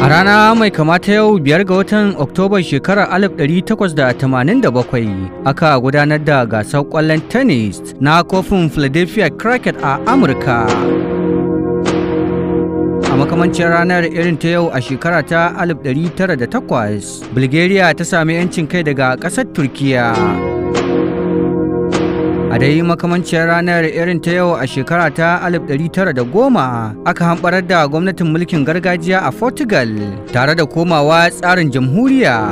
A rana mai kamata yau biyar ga watan Oktoba shekarar 1887 aka gudanar da gasar kwallon tennis na kofin Philadelphia Cricket a Amurka. A makamancin ranar irin ta yau a shekara ta 1908, Bulgaria ta sami 'yancin kai daga ƙasar Turkiyya. A dai makamanciyar ranar irin ta yau a shekara ta 1910 aka hamɓarar da gwamnatin mulkin gargajiya a Portugal tare da komawa tsarin jamhuriya.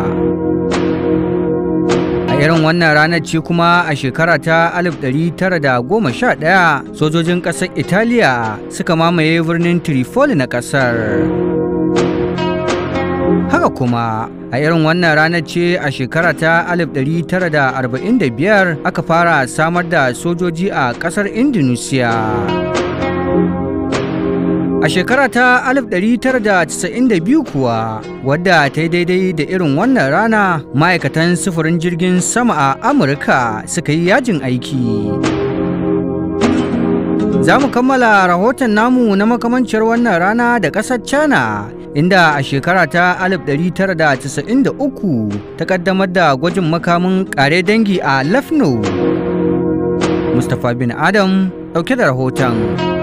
a irin wannan ranar ce kuma a shekara ta 1911 sojojin ƙasar italiya suka mamaye birnin trifoli na ƙasar. Haka kuma a irin wannan ranar ce a shekara ta 1945 aka fara samar da sojoji a ƙasar Indonesia. A shekara ta 1992 kuwa wadda ta yi daidai da irin wannan rana ma'aikatan sufurin jirgin sama a Amurka suka yi yajin aiki. Za mu kammala rahoton namu na makamanciyar wannan rana da ƙasar China, inda a shekara ta 1993 ta ƙaddamar da gwajin makamin ƙare dangi a Lafno. Mustapha bin Adam ɗauke da rahoton.